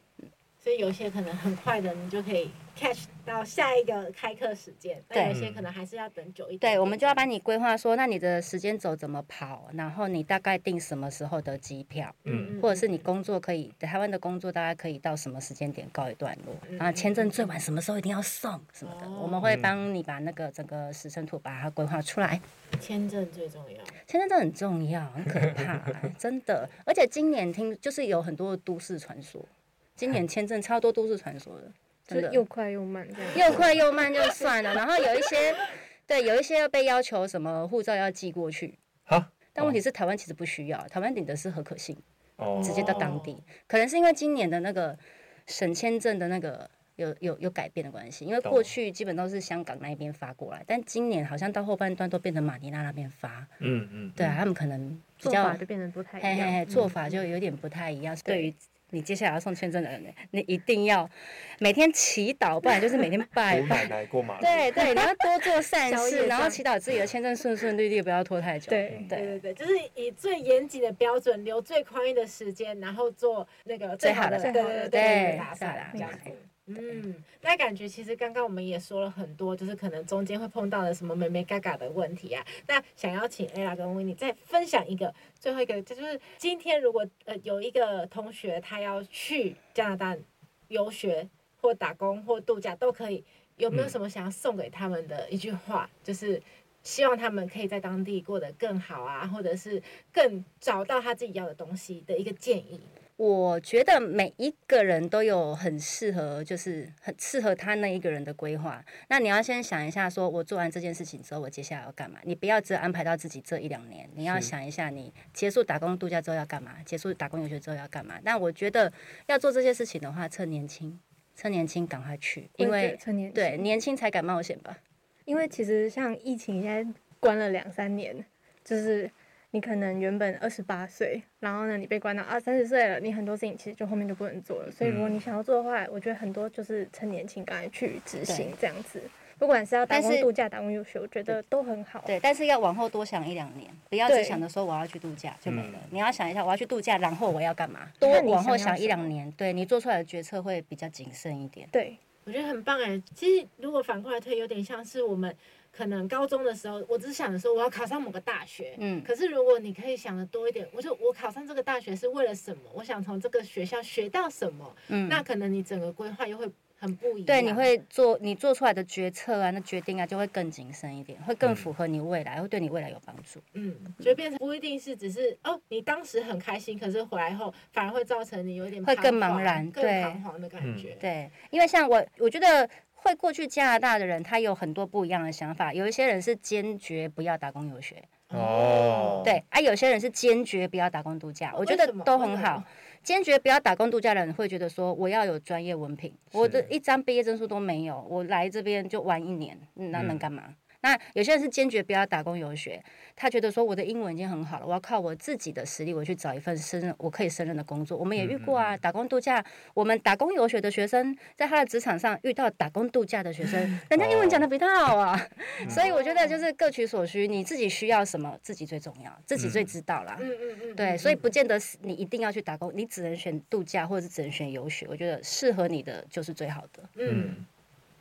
所以有些可能很快的，你就可以 catch 到下一個開課時間，對但有些可能還是要等久一點。對，我們就要幫你規劃說，那你的時間軸怎麼跑，然後你大概定什麼時候的機票，嗯，或者是你工作可以，嗯、台灣的工作大概可以到什麼時間點告一段落，嗯、然後簽證最晚什麼時候一定要送什麼的，哦、我們會幫你把那個整個時程圖把它規劃出來。簽證最重要，簽證很重要，很可怕、啊，真的。而且今年聽就是有很多都市傳說。今年簽證差不多都是傳說的，真的就又快又慢這樣。又快又慢就算了， 然後有一些對，有一些要被要求什麼護照要寄過去哈但問題是台灣其實不需要，台灣領的是核可信，哦、直接到當地。可能是因為今年的那個審簽證的那個有有有，有改變的關係，因為過去基本都是香港那邊發過來，但今年好像到後半段都變成馬尼拉那邊發。嗯嗯，嗯對啊，他們可能比較做法就變得不太一樣嘿嘿，做法就有點不太一樣，嗯、對於。你接下來要送簽證的人呢，你一定要每天祈禱，不然就是每天拜拜。 奶奶過馬路。對對，你要多做善事，然後祈禱自己的簽證順順利利，不要拖太久。對、嗯、對對對，就是以最嚴謹的標準，留最寬裕的時間，然後做那個最好的，最好的對，對，對對對，下單這樣。對嗯，那感覺其實剛剛我們也說了很多，就是可能中間會碰到的什麼眉眉角角的問題啊。那想要請 Ella 跟 Winnie 再分享一個，最後一個就是今天如果呃有一個同學他要去加拿大遊學或打工或度假都可以，有沒有什麼想要送給他們的一句話？就是希望他們可以在當地過得更好啊，或者是更找到他自己要的東西的一個建議。我覺得每一個人都有很適合，就是很適合他那一個人的規劃。那你要先想一下，說我做完這件事情之後，我接下來要幹嘛？你不要只安排到自己這一兩年，你要想一下，你結束打工度假之後要幹嘛？結束打工遊學之後要幹嘛？但我覺得要做這些事情的話，趁年輕，趁年輕趕快去，因為對年輕才敢冒險吧。因為其實像疫情，現在關了兩三年，就是。你可能原本二十八歲，然後呢，你被關到二三十歲了，你很多事情其實就後面就不能做了。所以，如果你想要做的話，我覺得很多就是趁年輕趕緊去執行這樣子，對不管是要打工度假、打工遊學，我覺得都很好。對，但是要往後多想一兩年，不要只想着說我要去度假對就沒了。你要想一下，我要去度假，然後我要幹嘛？多往後想一兩年，對你做出來的決策會比較謹慎一點。對，我覺得很棒哎、欸。其實如果反過來推，有點像是我們。可能高中的時候，我只是想說我要考上某個大學。嗯。可是如果你可以想得多一點，我說我考上這個大學是為了什麼？我想從這個學校學到什麼？嗯。那可能你整個規劃又會很不一樣。對，你會做你做出來的決策啊，那決定啊，就會更謹慎一點，會更符合你未來，嗯、會對你未來有幫助。嗯。就變成不一定是只是哦，你當時很開心，可是回來後反而會造成你有點會更茫然，更彷徨的感覺。對，嗯。對，因為像我，我覺得。會過去加拿大的人，他有很多不一樣的想法。有一些人是堅決不要打工遊學，哦、對啊，有些人是堅決不要打工度假。我覺得都很好。堅決不要打工度假的人會覺得說，我要有專業文憑，我的一張畢業證書都沒有，我來這邊就玩一年，那能幹嘛？嗯那有些人是堅決不要打工遊學，他覺得說我的英文已經很好了，我要靠我自己的實力，我去找一份勝任我可以勝任的工作。我們也遇過啊，嗯嗯、打工度假。我們打工遊學的學生在他的職場上遇到打工度假的學生，人家英文講的比他好啊。哦嗯、 所以我覺得就是各取所需，你自己需要什麼自己最重要，自己最知道啦。嗯、對，嗯嗯、所以不見得你一定要去打工，你只能選度假，或者是只能選遊學。我覺得適合你的就是最好的。嗯，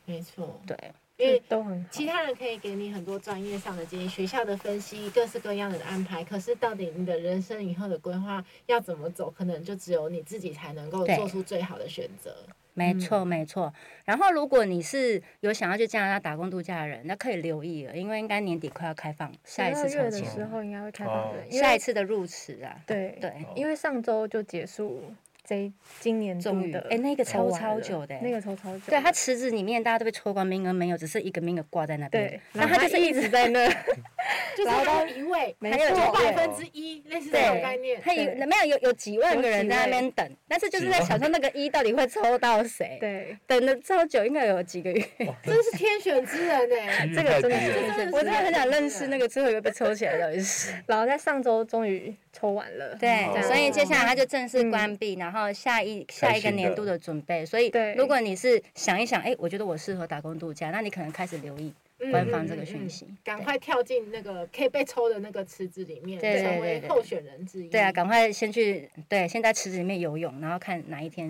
沒錯、嗯。對。因為都很其他人可以給你很多專業上的建議、學校的分析、各式各樣的安排。可是到底你的人生以後的規劃要怎麼走，可能就只有你自己才能夠做出最好的選擇。沒錯，沒錯。然後如果你是有想要去加拿大打工度假的人，那可以留意了，因為應該年底快要開放下一次，的時候應該會開放下一次的入池啊。對對，對好因為上週就結束。在今年中的，哎，那個抽超久的，那個抽超久。對，他池子裡面大家都被抽光，名額沒有，只是一個名額掛在那邊。對，那他就是一直在那，就是抽到一位，沒有抽百分之一類似這種概念。他有沒有有有幾萬個人在那邊等，但是就是在想說那個一到底會抽到誰？對，等了超久，應該有幾個月。真是天選之人哎，這個真的是，我真的很想認識那個最後一個被抽起來的老師。然後在上周終於抽完了，對，所以接下來他就正式關閉然。然後下一下一個年度的準備，所以如果你是想一想，哎、欸，我覺得我適合打工度假，那你可能開始留意官方這個訊息，嗯嗯嗯，趕快跳進那個可以被抽的那個池子裡面，對對對對對，成為候選人之一。對啊，趕快先去對，先在池子裡面游泳，然後看哪一天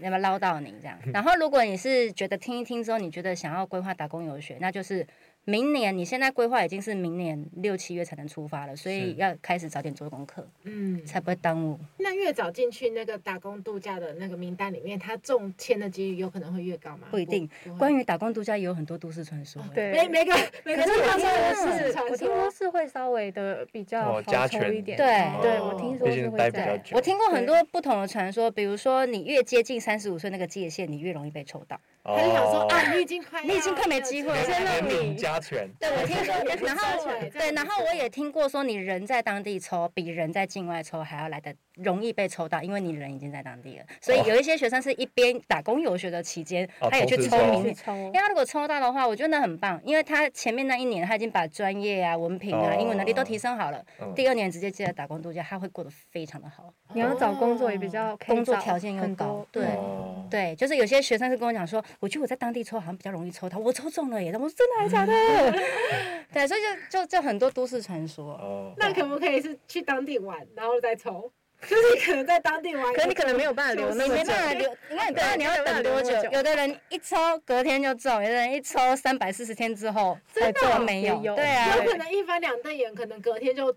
有沒有撈到你這樣。然後如果你是覺得聽一聽之後，你覺得想要規劃打工遊學，那就是。明年你現在規劃已經是明年六七月才能出發了，所以要開始早點做功課，嗯，才不會耽誤。那越早進去那個打工度假的那個名單裡面，他中簽的幾率有可能會越高嗎？不一定。關於打工度假也有很多都市傳說，對，每個每個傳說都是我聽說是會稍微的比較好抽一點，對對，我聽說是會。我聽過很多不同的傳說，比如說你越接近三十五歲那個界限，你越容易被抽到。他就想說啊，你已經快，你已經快沒機會了。對，我聽說， 然後對，然後我也聽過說，你人在當地抽，比人在境外抽還要來的容易被抽到，因為你人已經在當地了。所以有一些學生是一邊打工遊學的期間，他也去抽，啊、抽因為他如果抽到的話，我覺得那很棒，因為他前面那一年他已經把專業啊、文憑啊、英文能力都提升好了，啊、第二年直接接着打工度假，他會過得非常的好。你要找工作也比較工作條件又高，啊、對對，就是有些學生是跟我講說，我覺得我在當地抽好像比較容易抽到，我抽中了耶，我說真的還是假的？嗯對，所以就就就很多都市傳說。哦。那可不可以是去當地玩，然後再抽？就是可能在當地玩。可是你可能沒有辦法留，你沒辦法留，因為你要等多久？有的人一抽隔天就中，有的人一抽三百四十天之後才中沒有。對啊。有可能一翻兩瞪眼，可能隔天就。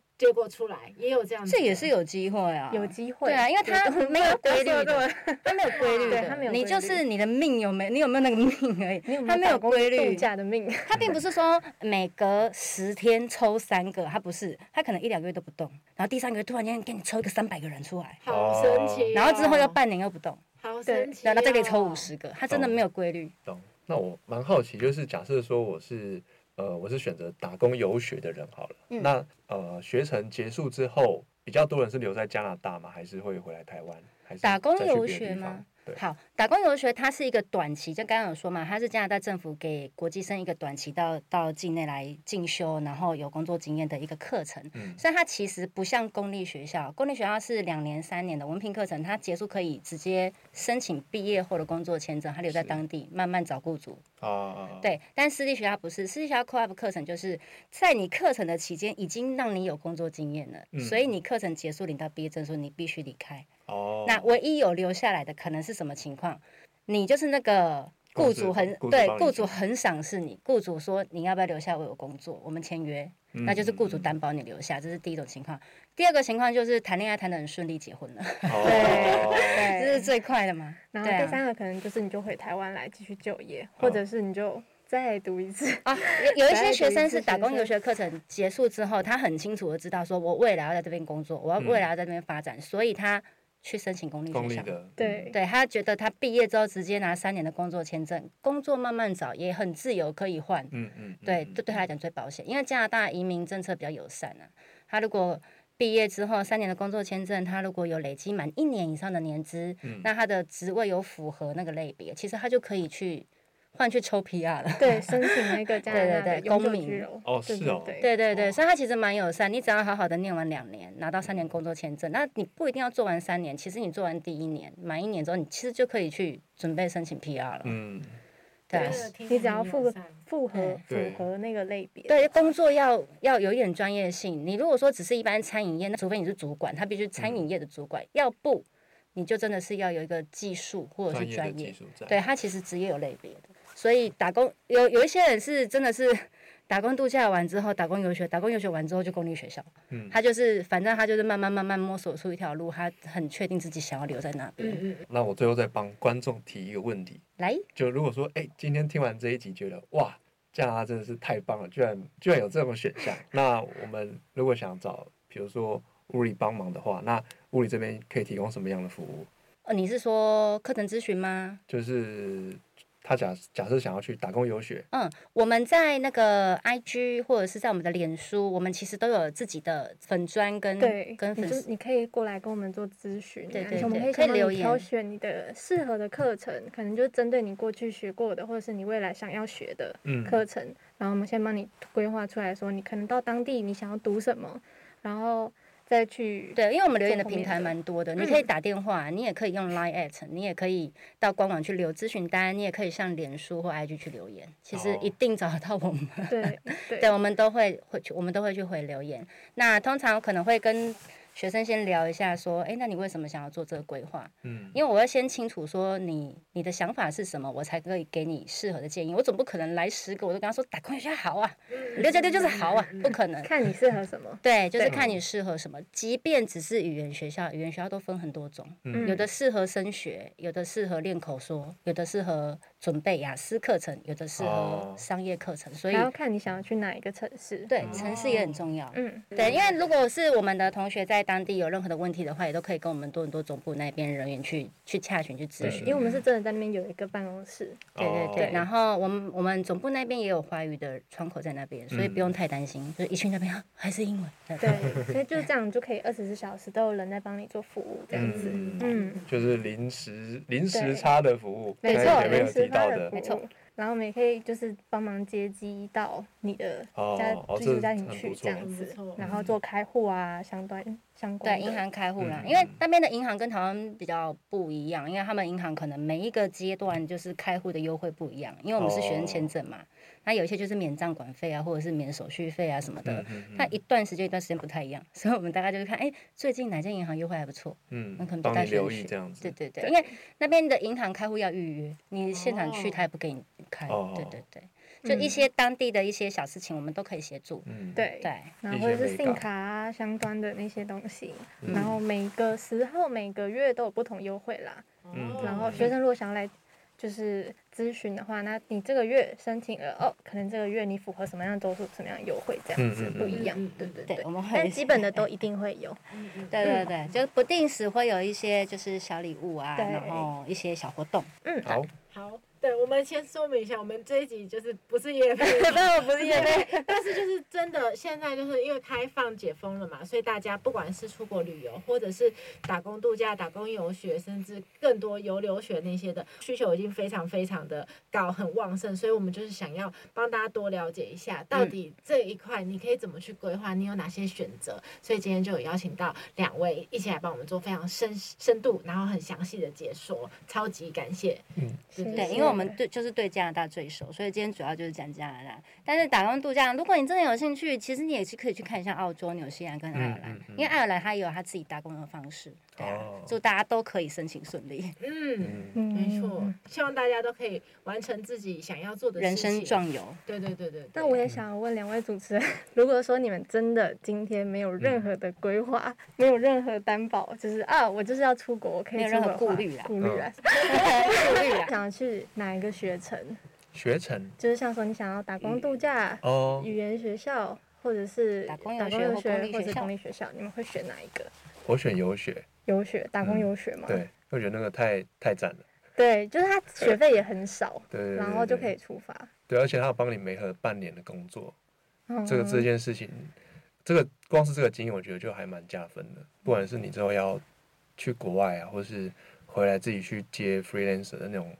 出來也有這樣，這也是有機會啊。有機會，對啊，因為他沒有規律，對，他沒有規律的，它沒有。你就是你的命有沒？你有沒有那個命而已？他沒有規律，度假的命。他並不是說每隔十天抽三個，他不是，他可能一兩個月都不動，然後第三個月突然間給你抽一個三百個人出來，好神奇。然後之後又半年又不動，好神奇。然後再給你抽五十個，他真的沒有規律。懂？那我蠻好奇，就是假設說我是。呃，我是選擇打工遊學的人好了。嗯、那呃，學程結束之後，比較多人是留在加拿大嗎？還是會回來台灣？還是在去別的地方？打工遊學嗎？對好，打工遊學它是一個短期，就剛剛有說嘛，它是加拿大政府給國際生一個短期到到境內來進修，然後有工作經驗的一個課程。嗯，所以它其實不像公立學校，公立學校是兩年三年的文憑課程，它結束可以直接申請畢業後的工作簽證，它留在當地是慢慢找雇主。哦、對，但私立學校不是，私立學校 co-op 課程就是在你課程的期間已經讓你有工作經驗了，嗯、所以你課程結束領到畢業證書，你必須離開。哦，那唯一有留下來的可能是什麼情況？你就是那個僱主很對，僱主很賞識你，僱主說你要不要留下為我工作，我們簽約，那就是僱主擔保你留下，這是第一種情況。第二個情況就是談戀愛談得很順利，結婚了，對，這是最快的嘛。然後第三個可能就是你就回台灣來繼續就業，或者是你就再讀一次啊。有有一些學生是打工遊學課程結束之後，他很清楚的知道說，我未來要在這邊工作，我要未來要在這邊發展，所以他。去申請公立學校，公立的對，對他覺得他畢業之後直接拿三年的工作簽證，工作慢慢找，也很自由，可以換、嗯，嗯嗯，對，對他來講最保險，因為加拿大移民政策比較友善啊。他如果畢業之後三年的工作簽證，他如果有累積滿一年以上的年資，嗯、那他的職位有符合那個類別，其實他就可以去。換去抽 PR 了，對，申請了一個加拿大 對對對公民。哦，是哦，對對對，所以、哦、他其實蠻友善，你只要好好的念完兩年，拿到三年工作簽證，那你不一定要做完三年，其實你做完第一年，滿一年之後，你其實就可以去準備申請 PR 了。嗯、啊、嗯，對，你只要符合符合符合那個類別。對，工作要要有一點專業性，你如果說只是一般餐飲業，那除非你是主管，他必須餐飲業的主管，嗯、要不你就真的是要有一個技術或者是專業。專業對，他其實職業有類別的。所以打工有有一些人是真的是打工度假完之後，打工遊學，打工遊學完之後就公立學校，嗯，他就是反正他就是慢慢慢慢摸索出一條路，他很確定自己想要留在那邊。嗯，嗯。那我最後再幫觀眾提一個問題，來，就如果說哎、欸、今天聽完這一集覺得哇，加拿大真的是太棒了，居然居然有這種選項， 那我們如果想找比如說 WOORI 幫忙的話，那 WOORI 這邊可以提供什麼樣的服務？呃，你是說課程諮詢嗎？就是。他假假設想要去打工遊學，嗯，我們在那個 I G 或者是在我們的臉書，我們其實都有自己的粉專跟對跟粉絲，你就你可以過來跟我們做諮詢，對對對，我們可以可以留言。挑選你的適合的課程，可能就是針對你過去學過的，或者是你未來想要學的課程，嗯，然後我們先幫你規劃出來說，你可能到當地你想要讀什麼，然後。再去對，因為我們留言的平台蠻多的，、嗯、多的，你可以打電話，你也可以用 Line at，你也可以到官網去留諮詢單，你也可以上臉書或 IG 去留言，其實一定找得到我們。對，我們都會回，我們都會去回留言。那通常可能會跟。學生先聊一下，說：“哎、欸，那你為什麼想要做這個規劃？”嗯、因為我要先清楚說你你的想法是什麼，我才可以給你適合的建議。我總不可能來十個，我都跟他說：“打工學校好啊，六加六就是好啊，不可能。”看你適合什麼。 對，就是看你適合什麼。即便只是語言學校，語言學校都分很多種，嗯、有的適合升學，有的適合練口說，有的適合。準備雅思課程，有的是商業課程，所以要看你想要去哪一個城市。對，城市也很重要。嗯，對，因為如果是我們的同學在當地有任何的問題的話，也都可以跟我們多倫多總部那邊人員去去洽詢去諮詢，因為我們是真的在那邊有一個辦公室。對對對。然後我們我們總部那邊也有華語的窗口在那邊，所以不用太擔心，就是一去那邊還是英文。對，所以就是這樣，就可以二十四小時都有人在幫你做服務，這樣子。嗯，就是臨時臨時差的服務，沒錯，臨時。沒錯，他的德然後我們也可以就是幫忙接機到你的家寄宿家庭去這樣子，然後做開戶啊，嗯、相關相關對，銀行開戶啦，嗯、因為那邊的銀行跟台灣比較不一樣，因為他們銀行可能每一個階段就是開戶的優惠不一樣，因為我們是學生簽證嘛。哦那有一些就是免賬管費啊，或者是免手續費啊什麼的，它一段時間一段時間不太一樣，所以我們大概就是看，哎，最近哪家銀行優惠還不錯，嗯，可能比較留意這樣子。對對對，因為那邊的銀行開戶要預約，你現場去他也不給你開，對對對。就一些當地的一些小事情，我們都可以協助，對對，然後或者是信用卡啊相關的那些東西，然後每個時候每個月都有不同優惠啦，然後學生如果想來。就是諮詢的話，那你這個月申請了哦，可能這個月你符合什麼樣週數、什麼樣的優惠，這樣子不一樣，對不對，對？對，我們，但基本的都一定會有，對對對，嗯，就不定時會有一些就是小禮物啊，對，然後一些小活動，嗯，好，好。對，我們先說明一下，我們這一集就是不是業配，不是業配，但是就是真的，現在就是因為開放解封了嘛，所以大家不管是出國旅遊，或者是打工度假、打工遊學，甚至更多遊留學那些的需求已經非常非常的高，很旺盛，所以我們就是想要幫大家多了解一下，到底這一塊你可以怎麼去規劃，你有哪些選擇，所以今天就有邀請到兩位一起來幫我們做非常深深度，然後很詳細的解說，超級感謝，嗯，對，因為。我們對，就是對加拿大最熟，所以今天主要就是講加拿大。但是打工度假，如果你真的有興趣，其實你也是可以去看一下澳洲、紐西蘭跟愛爾蘭，因為愛爾蘭它也有它自己打工的方式。對啊，祝大家都可以申請順利。嗯，沒錯。希望大家都可以完成自己想要做的事情，人生壯遊。對對對對。但我也想問兩位主持人，如果說你們真的今天沒有任何的規劃，沒有任何擔保，就是啊，我就是要出國，沒有任何顧慮啊顧慮啊，想去。哪一個學程？學程就是像說你想要打工度假、語言學校，或者是打工遊學或者公立學校，你們會選哪一個？我選遊學。遊學打工遊學嘛？對，我覺得那個太太贊了。對，就是他學費也很少，然後就可以出發。對，而且他有幫你媒合半年的工作，這個這件事情，這個光是這個經驗，我覺得就還蠻加分的。不管是你之後要去國外啊，或是回來自己去接 freelancer 的那種。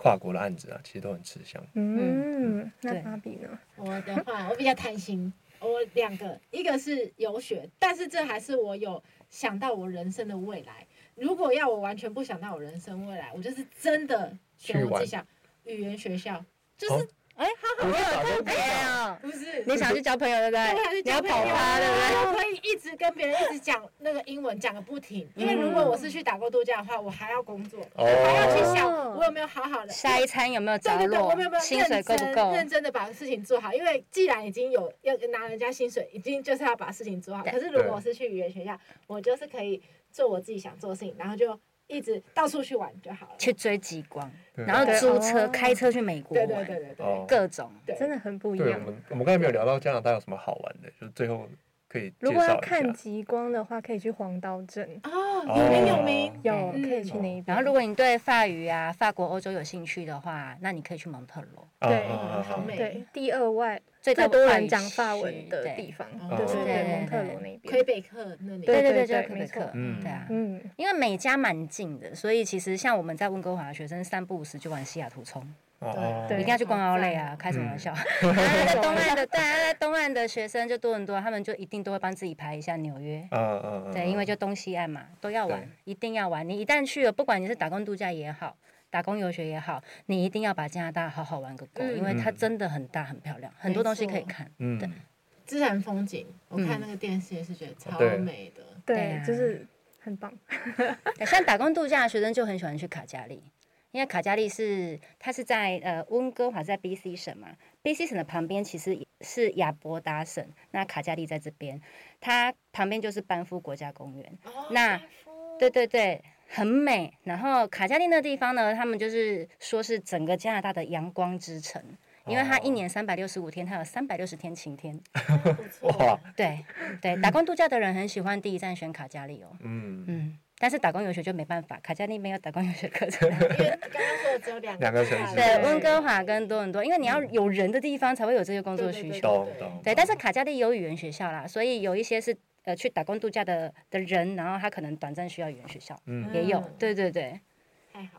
跨國的案子啊，其實都很吃香，嗯。嗯，那阿比呢？我的話，我比較貪心，我兩個，一個是遊學，但是這還是我有想到我人生的未來。如果要我完全不想到我人生未來，我就是真的選我自己想玩語言學校，就是，哦。哎，好好交朋友，不是？你想去交朋友，對不對？你要捧他，對不對？我可以一直跟別人一直講那個英文，講個不停。因為如果我是去打工度假的話，我還要工作，我還要去想我有沒有好好的下一餐有沒有著落？對對對，我們有沒有薪水夠不夠？認真的把事情做好，因為既然已經有要拿人家薪水，已經就是要把事情做好。可是如果我是去語言學校，我就是可以做我自己想做的事情，然後就。一直到處去玩就好了，去追極光，對然後租車、哦、開車去美國玩，對對對對各種、哦、真的很不一樣。我們我們剛才沒有聊到加拿大有什麼好玩的，對對就最後。如果要看極光的話，可以去黃刀鎮哦，有名有名，有可以去那邊。然後，如果你對法語啊、法國、歐洲有興趣的話，那你可以去蒙特羅，對，好美。第二外最多人講法文的地方，對對對，蒙特羅那邊，魁北克那裡，對對對，就魁北克，嗯，對啊，嗯，因為美加蠻近的，所以其實像我們在溫哥華的學生，三不五時就往西雅圖衝。對，一定要去逛奧雷啊！開什麼玩笑？然後在東岸的，對，在東岸的學生就多很多，他們就一定都會幫自己排一下紐約。對，因為就東西岸嘛，都要玩，一定要玩。你一旦去了，不管你是打工度假也好，打工遊學也好，你一定要把加拿大好好玩個夠，因為它真的很大很漂亮，很多東西可以看。嗯。自然風景，我看那個電視也是覺得超美的。對，就是很棒。像打工度假學生就很喜歡去卡加利。因為卡加利是它是在呃溫哥華，在 B C 省嘛，B C 省的旁邊其實是亞伯達省，那卡加利在這邊，它旁邊就是班夫國家公園。哦、那，班夫對對對，很美。然後卡加利那地方呢，他們就是說是整個加拿大的陽光之城，哦、因為它一年三百六十五天，它有三百六十天晴天。 哇對對，打工度假的人很喜歡第一站選卡加利哦。嗯嗯。嗯但是打工遊學就沒辦法，卡加利沒有打工遊學課程。因為剛剛說只有兩個。兩 個城市。對，溫哥華跟多倫多，因為你要有人的地方才會有這些工作需求。對，但是卡加利有語言學校啦，所以有一些是呃去打工度假的的人，然後他可能短暫需要語言學校，嗯、也有。對對對，對。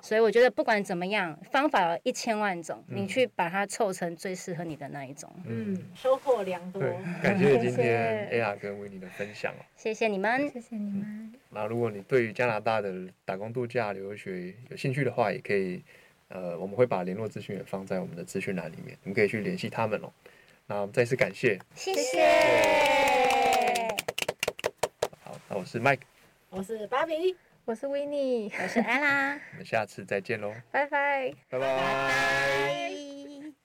所以我覺得不管怎麼樣，方法有一千萬種，嗯、你去把它湊成最適合你的那一種。嗯，收穫良多。感謝今天 Aya 跟 Winnie 的分享哦，謝謝。謝謝你們，謝謝你們。那如果你對於加拿大的打工度假、留學有興趣的話，也可以，呃，我們會把聯絡資訊也放在我們的資訊欄裡面，你們可以去聯繫他們哦。那我們再次感謝，謝謝。好，那我是 Mike，我是 Barbie。我是維尼，我是艾拉，我們下次再見嘍，拜拜，拜拜。